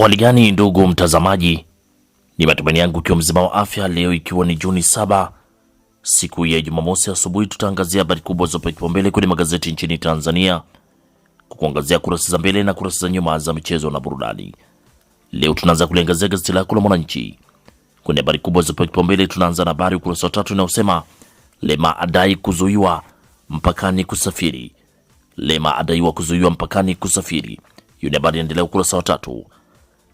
Waligani ndugu mtazamaji, ni matumaini yangu ikiwa mzima wa afya. Leo ikiwa ni Juni saba, siku ya Jumamosi asubuhi, tutaangazia habari kubwa zopewa kipaumbele kwenye magazeti nchini Tanzania, kukuangazia kurasa za mbele na kurasa za nyuma za michezo na burudani. Leo tunaanza kuliangazia gazeti lako la Mwananchi kwenye habari kubwa zopewa kipaumbele. Tunaanza na habari ukurasa wa tatu inayosema Lema adai kuzuiwa mpakani kusafiri. Lema adaiwa kuzuiwa mpakani kusafiri. Hiyo ni habari inaendelea ukurasa wa tatu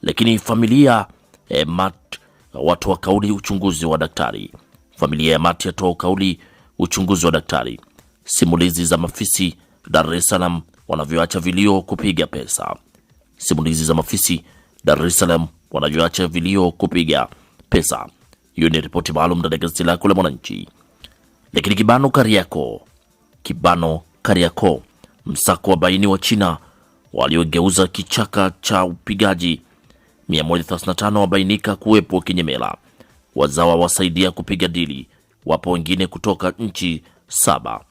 lakini familia eh, Matt watoa kauli uchunguzi wa daktari. Familia ya Matt yatoa kauli uchunguzi wa daktari. Simulizi za mafisi Dar es Salaam wanavyoacha vilio kupiga pesa. Simulizi za mafisi Dar es Salaam wanavyoacha vilio kupiga pesa. Hiyo ni ripoti maalum ndani ya gazeti lako la Mwananchi. Lakini kibano Kariako, kibano Kariako, msako wa baini wa China waliogeuza kichaka cha upigaji 135 wabainika kuwepo kinyemela, wazawa wasaidia kupiga dili, wapo wengine kutoka nchi saba.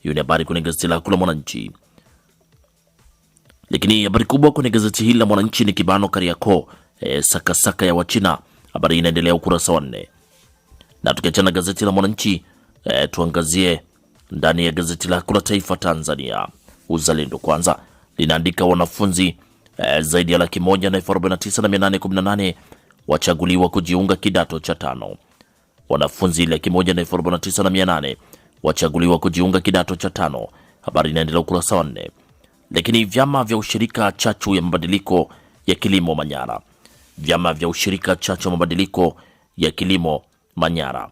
Hiyo ni habari kwenye gazeti lako la Mwananchi. Lakini habari kubwa kwenye gazeti hili la Mwananchi ni kibano Kariakoo, e, sakasaka ya Wachina. Habari inaendelea ukurasa wa nne. Na tukiachana gazeti la Mwananchi e, tuangazie ndani ya gazeti lako la Taifa Tanzania Uzalendo Kwanza linaandika wanafunzi Eh, zaidi ya laki moja na elfu arobaini na tisa na mia nane kumi na nane wachaguliwa kujiunga kidato cha tano. Wanafunzi laki moja na elfu arobaini na tisa na mia nane wachaguliwa kujiunga kidato cha tano. Habari inaendelea ukurasa wa nne. Lakini vyama vya ushirika chachu ya mabadiliko ya kilimo Manyara, vyama vya ushirika chachu ya mabadiliko ya kilimo Manyara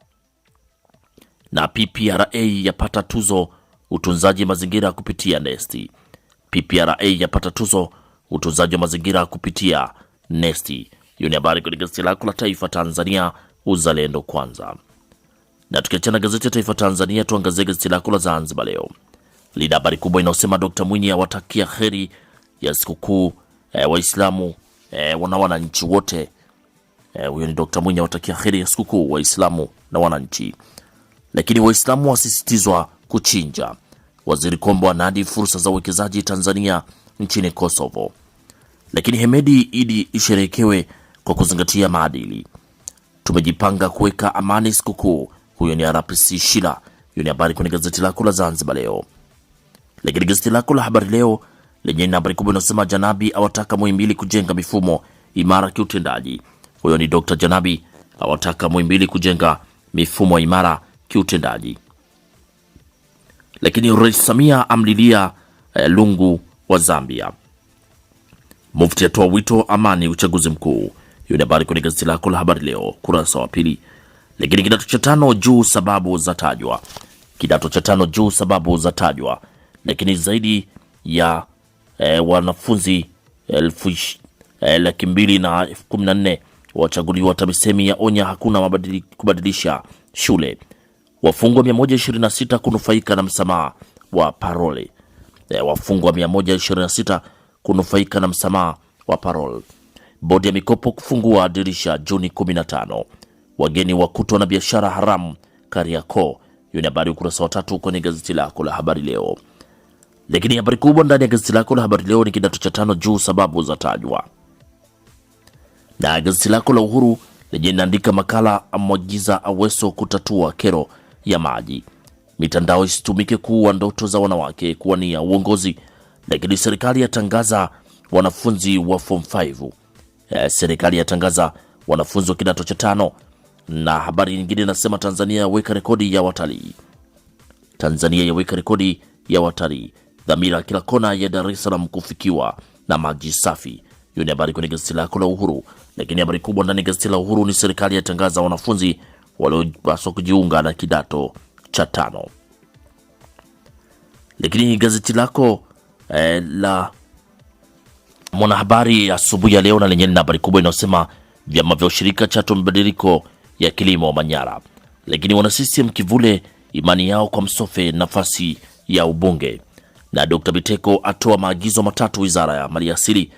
na PPRA yapata tuzo utunzaji mazingira kupitia Nesti. PPRA yapata tuzo utunzaji wa mazingira kupitia Nesti. Hiyo ni habari kwenye gazeti lako la Taifa Tanzania, uzalendo kwanza. Na tukiachana gazeti la Taifa Tanzania, tuangazie gazeti lako la Zanzibar Leo. Lina habari kubwa inayosema Dkt Mwinyi awatakia heri ya sikukuu e, Waislamu e, eh, na wananchi wote. Eh, huyo e, ni Dkt Mwinyi awatakia heri ya sikukuu Waislamu na wananchi, lakini Waislamu wasisitizwa kuchinja. Waziri Kombo anadi fursa za uwekezaji Tanzania nchini Kosovo, lakini Hemedi Idi isherekewe kwa kuzingatia maadili. Tumejipanga kuweka amani sikukuu. Huyo ni RPC Shila. Hiyo ni habari kwenye gazeti lako la Zanzibar Leo. Lakini gazeti lako la Habari Leo lenye habari kubwa inasema Janabi awataka Muhimbili kujenga mifumo imara kiutendaji. Huyo ni Dr. Janabi awataka Muhimbili kujenga mifumo imara kiutendaji. Lakini Rais Samia amlilia eh, Lungu wa Zambia. Mufti atoa wito amani uchaguzi mkuu. Hiyo ni habari kwenye gazeti lako la habari leo kurasa wa pili. Lakini kidato cha tano juu sababu za tajwa, kidato cha tano juu sababu za tajwa. Lakini zaidi ya e, wanafunzi elfu e, laki mbili na elfu kumi na nne wachaguliwa. TAMISEMI ya onya hakuna mabadili, kubadilisha shule. Wafungwa 126 kunufaika na msamaha wa parole ya wafungwa 126 kunufaika na msamaha wa parol. Bodi ya mikopo kufungua dirisha Juni 15. Wageni wakutwa na biashara haramu Kariakoo. Hiyo ni habari ukurasa wa tatu kwenye gazeti lako la habari leo. Lakini habari kubwa ndani ya gazeti lako la habari leo ni kidato cha tano juu sababu za tajwa. Na gazeti lako la Uhuru lenye linaandika makala amwagiza Aweso kutatua kero ya maji mitandao isitumike kuwa ndoto za wanawake kuwa ni ya uongozi. Lakini serikali yatangaza wanafunzi wa form 5 e, eh, serikali yatangaza wanafunzi wa kidato cha tano. Na habari nyingine inasema Tanzania yaweka rekodi ya watalii, Tanzania yaweka rekodi ya watalii, dhamira kila kona ya Dar es Salaam kufikiwa na maji safi. Hiyo ni habari kwenye gazeti lako la Uhuru, lakini habari kubwa ndani ya gazeti la Uhuru ni serikali yatangaza wanafunzi waliopaswa kujiunga na kidato cha tano. Lakini gazeti lako eh, la Mwanahabari asubuhi ya leo na lenye habari kubwa inayosema vyama vya ushirika chato mabadiliko ya kilimo Manyara, lakini wana CCM kivule imani yao kwa Msofe nafasi ya ubunge, na Dr. Biteko atoa maagizo matatu wizara ya maliasili.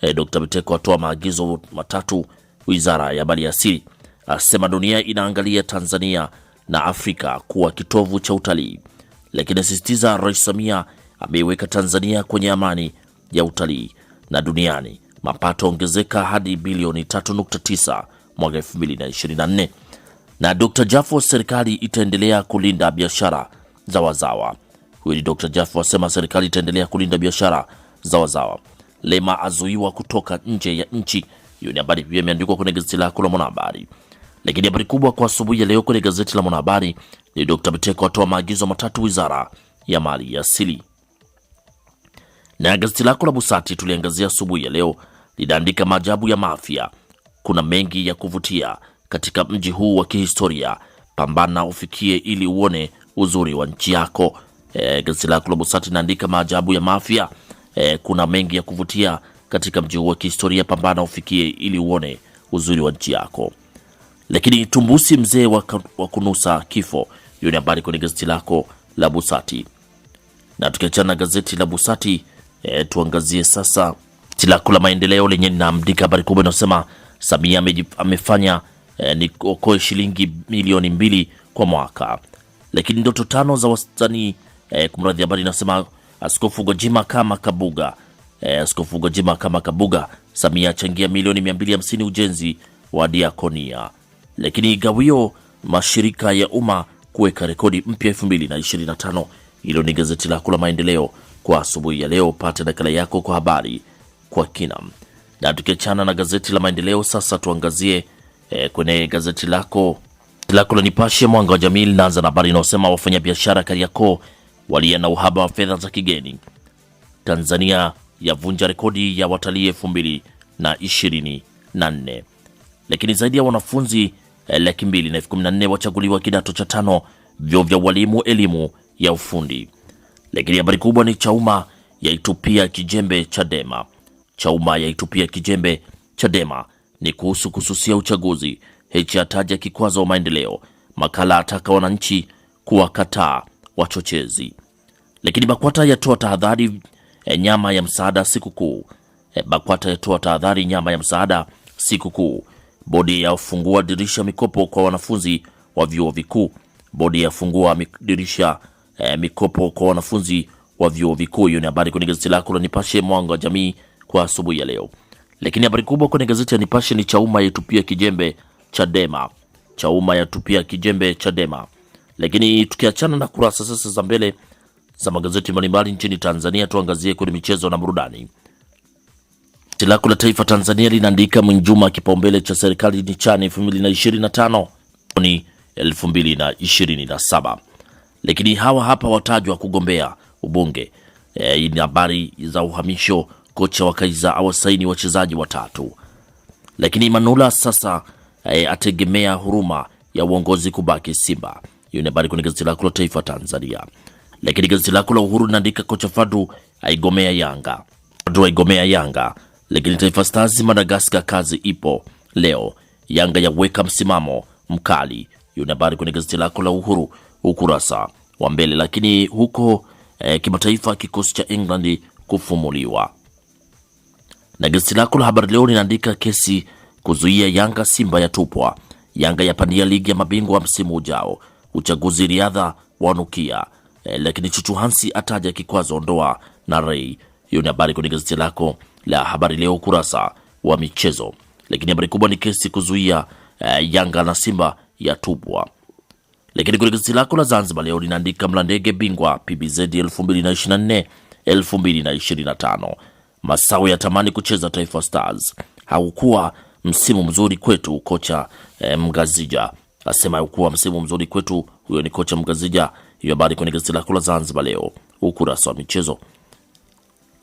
Eh, Dr. Biteko atoa maagizo matatu wizara ya maliasili, asema dunia inaangalia Tanzania na Afrika kuwa kitovu cha utalii, lakini asisitiza Rais Samia ameiweka Tanzania kwenye amani ya utalii na duniani mapato ongezeka hadi bilioni 3.9 mwaka 2024. Na Dr. Jafo, serikali itaendelea kulinda biashara za wazawa. Huyu ni Dr. Jafo asema serikali itaendelea kulinda biashara za wazawa. Lema azuiwa kutoka nje ya nchi. Hiyo ni habari pia imeandikwa kwenye gazeti lako la Mwanahabari. Lakini habari kubwa kwa asubuhi ya leo kwenye gazeti la Mwanahabari ni Dr. Biteko atoa maagizo matatu wizara ya mali ya asili. Na gazeti lako la Busati tuliangazia asubuhi ya leo linaandika maajabu ya Mafia. Kuna mengi ya kuvutia katika mji huu wa kihistoria, pambana ufikie ili uone uzuri wa nchi yako. E, gazeti lako la Busati linaandika maajabu ya Mafia. E, kuna mengi ya kuvutia katika mji huu wa kihistoria, pambana ufikie ili uone uzuri wa nchi yako lakini tumbusi mzee wa kunusa kifo. Hiyo ni habari kwenye gazeti lako la Busati, na tukiachana na gazeti la Busati e, tuangazie sasa lako la Maendeleo lenye linaandika habari kubwa inasema Samia amefanya e, ni okoe shilingi milioni mbili kwa mwaka, lakini ndoto tano za wastani e, kumradhi. Habari inasema Askofu Gwajima kama Kabuga e, Askofu Gwajima kama Kabuga, Samia achangia milioni 250 ujenzi wa diakonia lakini gawio mashirika ya umma kuweka rekodi mpya 2025. Hilo ni gazeti lako la Maendeleo kwa asubuhi ya leo. Pata nakala yako kwa habari kwa kina. Na tukiachana na gazeti la Maendeleo, sasa tuangazie e, kwenye gazeti lako lako la Nipashe Mwanga wa Jamii linaanza na habari inayosema wafanyabiashara Kariakoo walia na uhaba wa fedha za kigeni. Tanzania yavunja rekodi ya watalii 2024, lakini zaidi ya wanafunzi laki mbili na elfu kumi na nne wachaguliwa kidato cha tano vyo vya walimu elimu ya ufundi. Lakini habari kubwa ni Chauma yaitupia kijembe Chadema. Chauma yaitupia kijembe Chadema ni kuhusu kususia uchaguzi. hechi ataja kikwazo wa maendeleo. Makala ataka wananchi kuwakataa wachochezi. Lakini BAKWATA yatoa tahadhari eh, nyama ya msaada sikukuu. Eh, BAKWATA yatoa tahadhari nyama ya msaada sikukuu. Bodi yafungua dirisha mikopo kwa wanafunzi wa vyuo vikuu. Bodi yafungua dirisha eh, mikopo kwa wanafunzi wa vyuo vikuu. Hiyo ni habari kwenye gazeti lako la Nipashe mwanga wa jamii kwa asubuhi ya leo. Lakini habari kubwa kwenye gazeti ya Nipashe ni Chauma yatupia kijembe Chadema. Chauma yatupia kijembe Chadema. Lakini tukiachana na kurasa sasa za mbele za magazeti mbalimbali nchini Tanzania, tuangazie kwenye michezo na burudani. Gazeti lako la Taifa Tanzania linaandika Mwinjuma, kipaumbele cha serikali ni chani 2025 ni 2027. Lakini hawa hapa watajwa kugombea ubunge. E, ni habari za uhamisho. Kocha wa Kaiza awasaini wachezaji watatu. Lakini Manula sasa e, ategemea huruma ya uongozi kubaki Simba. Hiyo ni habari kwenye gazeti lako la Taifa Tanzania. Lakini gazeti lako la Uhuru linaandika kocha Fadu aigomea Yanga. Fadu aigomea Yanga lakini Taifa Stars Madagascar kazi ipo leo. Yanga yaweka msimamo mkali. Hiyo ni habari kwenye gazeti lako la Uhuru ukurasa wa mbele. Lakini huko e, kimataifa kikosi cha England kufumuliwa na gazeti lako la Habari Leo linaandika kesi kuzuia Yanga Simba yatupwa, Yanga yapandia ligi ya mabingwa msimu ujao, uchaguzi riadha wanukia e, lakini Chuchu Hansi ataja kikwazo ndoa na Rei. Hiyo ni habari kwenye gazeti lako la Habari Leo ukurasa wa michezo. Lakini habari kubwa ni kesi kuzuia uh, Yanga na Simba yatupwa. Lakini kwenye gazeti lako la Zanzibar Leo linaandika Mlandege bingwa PBZ 2024 2025, Masawe yatamani kucheza Taifa Stars, haukuwa msimu mzuri kwetu, kocha eh, Mgazija asema haukuwa msimu mzuri kwetu. Huyo ni kocha Mgazija. Hiyo habari kwenye gazeti lako la Zanzibar Leo ukurasa wa michezo.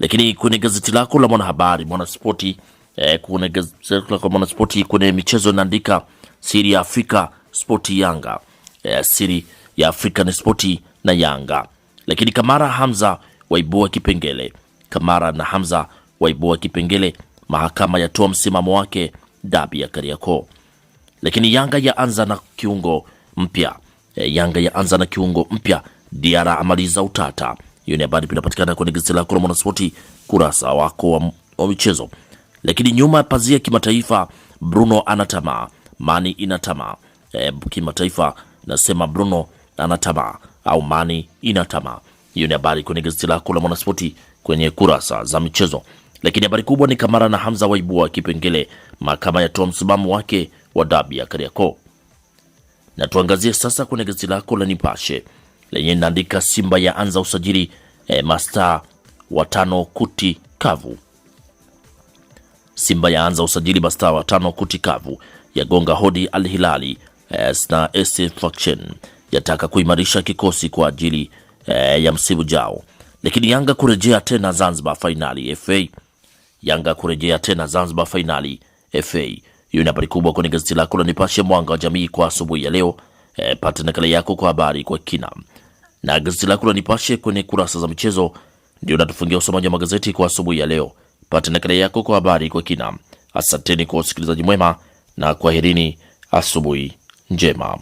Lakini kwenye gazeti lako la Mwanahabari, Mwanaspoti, eh, kwenye gazeti lako la Mwanaspoti kwenye michezo inaandika siri ya Afrika spoti Yanga, eh, siri ya Afrika ni spoti na Yanga. Lakini Kamara Hamza waibua kipengele, Kamara na Hamza waibua kipengele. Mahakama yatoa msimamo wake dabi ya Kariakoo. Lakini Yanga yaanza na kiungo mpya, eh, Yanga yaanza na kiungo mpya. Diara amaliza utata hiyo ni habari inapatikana kwenye gazeti lako la Mwanaspoti kurasa wako wa, wa michezo. Lakini nyuma ya pazia kimataifa, Bruno anatamaa Mani inatamaa e, eh, kimataifa nasema Bruno anatamaa au Mani inatamaa. Hiyo ni habari kwenye gazeti lako la Mwanaspoti kwenye kurasa za michezo. Lakini habari kubwa ni Kamara na Hamza waibua kipengele, mahakama yatoa msimamo wake wa dabi ya Kariakoo. Na tuangazie sasa kwenye gazeti lako la Nipashe lenye linaandika Simba anza usajili e, wa watano kuti kavu. Simba anza usajili mastaa watano kuti kavu, yagonga hodi Al Hilali eh, na SC Faction yataka kuimarisha kikosi kwa ajili e, ya msimu jao. Lakini Yanga kurejea tena Zanzibar fainali FA. Yanga kurejea tena Zanzibar fainali FA. Hiyo ni habari kubwa kwenye gazeti lako la Nipashe mwanga wa jamii kwa asubuhi ya leo. E, pata nakala yako kwa habari kwa kina na gazeti lako la Nipashe kwenye kurasa za michezo ndio natufungia usomaji wa magazeti kwa asubuhi ya leo. Pata nakala yako kwa habari kwa kina. Asanteni kwa usikilizaji mwema na kwaherini, asubuhi njema.